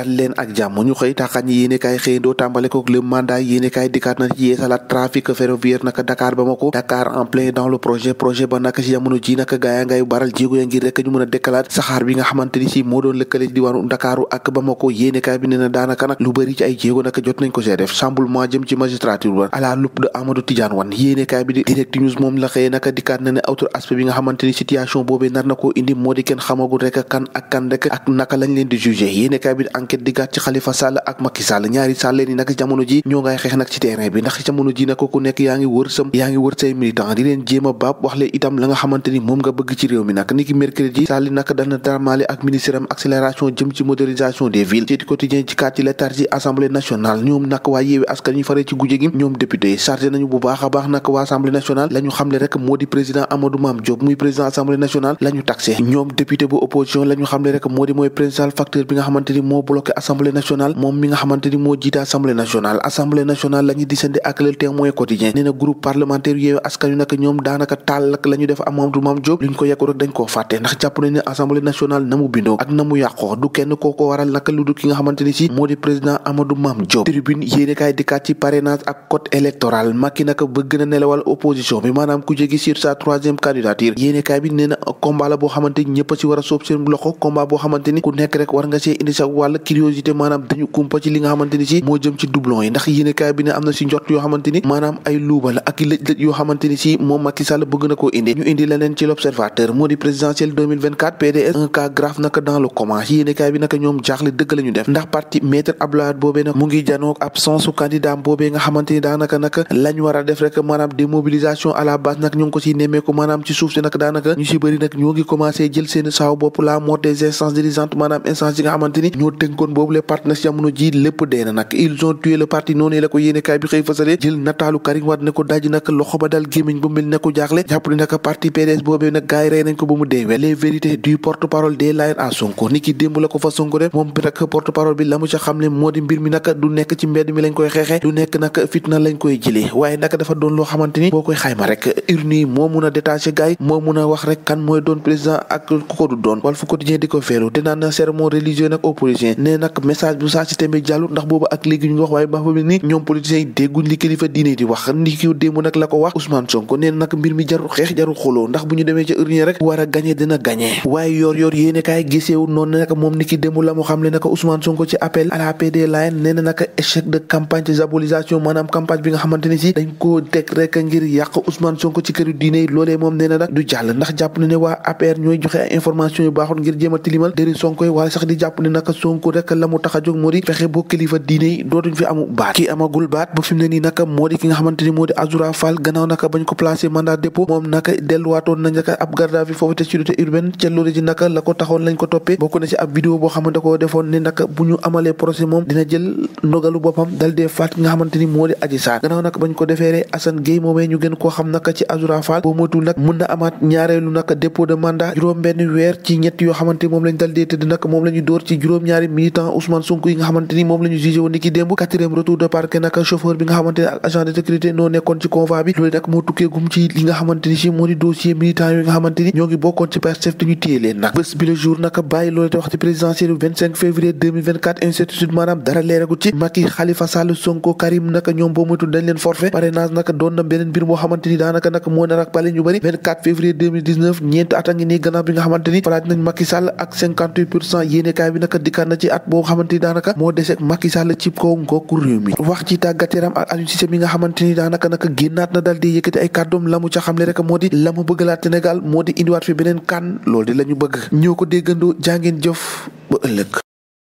dal leen ak jàmm ñu xëy taxañ yéene kaay xëyandoo tàmbale ko le mandat yéene kaay dikkaat na ci yeesalaat trafic a dekkalaat saxaar bi nga xamante na ko indi moo di kenn xamagul ak naka lañ leen di jugé yéene kaay bi enquête di ci Khalifa Sall ak Macky Sall ñaari Sall leen yi jamono ji ñoo ngay xeex nag ci terrain bi ndax jamono ji nag ku nekk yaa ngi wër sam yaa ngi wër say militant di leen jéem a baab itam la nga xamante moom nga bëgg ci réew mi nag niki mercredi Sall nag dana darmaale ak ministère accélération jëm ci modernisation des villes ci quotidien ci quartier ci gujje gi assemblée nationale la ñu xamle rek moo président Amadou Mame Diop bloqué assemblée nationale moom mi nga moo jiite assemblée nationale assemblée nationale la def Amadou Mame Diop luñ ko yàqu rek dañ koo fàtte ndax jàpp nañ ne assemblée nationale na bindoo ak na mu du kenn koo ko waral naka lu ki nga xamante si moo di président Amadou Mame Diop troisième candidature yéene kaay bi nee na combat la boo a si war a soob seen loxo combat boo xamante ku nekk rek war see indi sa wàll nag maanaam dañu kumpa ci li nga xamante si moo jëm ci doublon yi ndax yéenekaay bi ne am na si njot yoo xamante ni maanaam ci l'observateur moo ndax parti maître Abdoulaye boobee nag mu ngi janoo absence su candidat a maanaam ci suuf si nag daanaka ñu si bëri nag ñoo jël seen saaw bopp la mort des instances dirigeantes maanaam instance yi nga xamante ni kon boobu les partenaires jamono ji lépp dee na nag ils ont tué le parti noonu la ko yéene kaay bi xëy fasale jël nataalu Karim Wade ne ko daj nag loxo ba dal gémmiñ ba mel ne jaaxle jàpp ne parti PDS boobee nag gars yi rey ba mu deewee les vérités du porte parole des Layènes à Sonko ni ki démb fa Sonko def moom bi porte parole bi la ca xam ne moo di mbir mi nag du nekk ci mbedd mi lañ koy xeexee du nekk nag fitna lañ koy jëlee waaye nag dafa doon loo xamante ni boo koy xayma rek urne yi moo mun moo doon président ak ku ko du doon Walf Quotidien di ko ne nag message bu saa si tamit jàllul ndax boobu ak léegi ñu waaye ba fa ni ñoom politiciens yi dégguñ li kilifa diine di wax ni ki la ko wax Ousmane Sonko nee nag mbir mi jarul xeex jarul xoloo ndax bu ñu demee war a gañe dina gañe waaye yor yor yéene kaay giseewul noonu ne moom ni ki démb la xam le naka Ousmane Sonko ci appel à la PD line nee na naka échec de campagne ci diabolisation maanaam campagne bi nga xamante ne si dañ koo teg rek ngir yàq Ousmane Sonko ci këru diine yi loolee moom nee na du jàll ndax jàpp ne ne waa APR ñooy joxe ay information yu baaxul ngir jéem a tilimal dëri Sonko yi rek la tax a jóg moo fexe boo kilifa diine yi dootuñ fi amu baat ki amagul ne nii naka moo ki nga xamante ni moo di nga xamante naka bañ ko defeeree Assane Gueye ñu gën koo xam naka ci Azoura Fall boo moytul nag mën na amaat ñaareelu naka dépôt de mandat juróom benn weer ci ñett yoo xamante moom lañu dóor ci juróom ñaari militant yi nga xamante ni moom la ñu jugé leen nag bés bi naka doon na beneen mbir moo xamante daanaka nag moo nar ak pale ñu bëri 24 février 2019 ñeenti at a bi nga xamante ni falaat nañ Macky ak 58 kaay bi naka dikkaat na ci ci at boo xamante ni daanaka moo deseeg Macky Sall ci kaw ngooku réew mi wax ci tàggat yaram ak Aliou Cissé mi nga xamante ni daanaka naka génnaat na dal di yëkkati ay kàddoom la mu ca xamle rek moo di la mu bëggalaat Sénégal moo di indiwaat fi beneen kan loolu di la ñu bëgg ñëw ko déggandoo jàngeen jëf ba ëllëg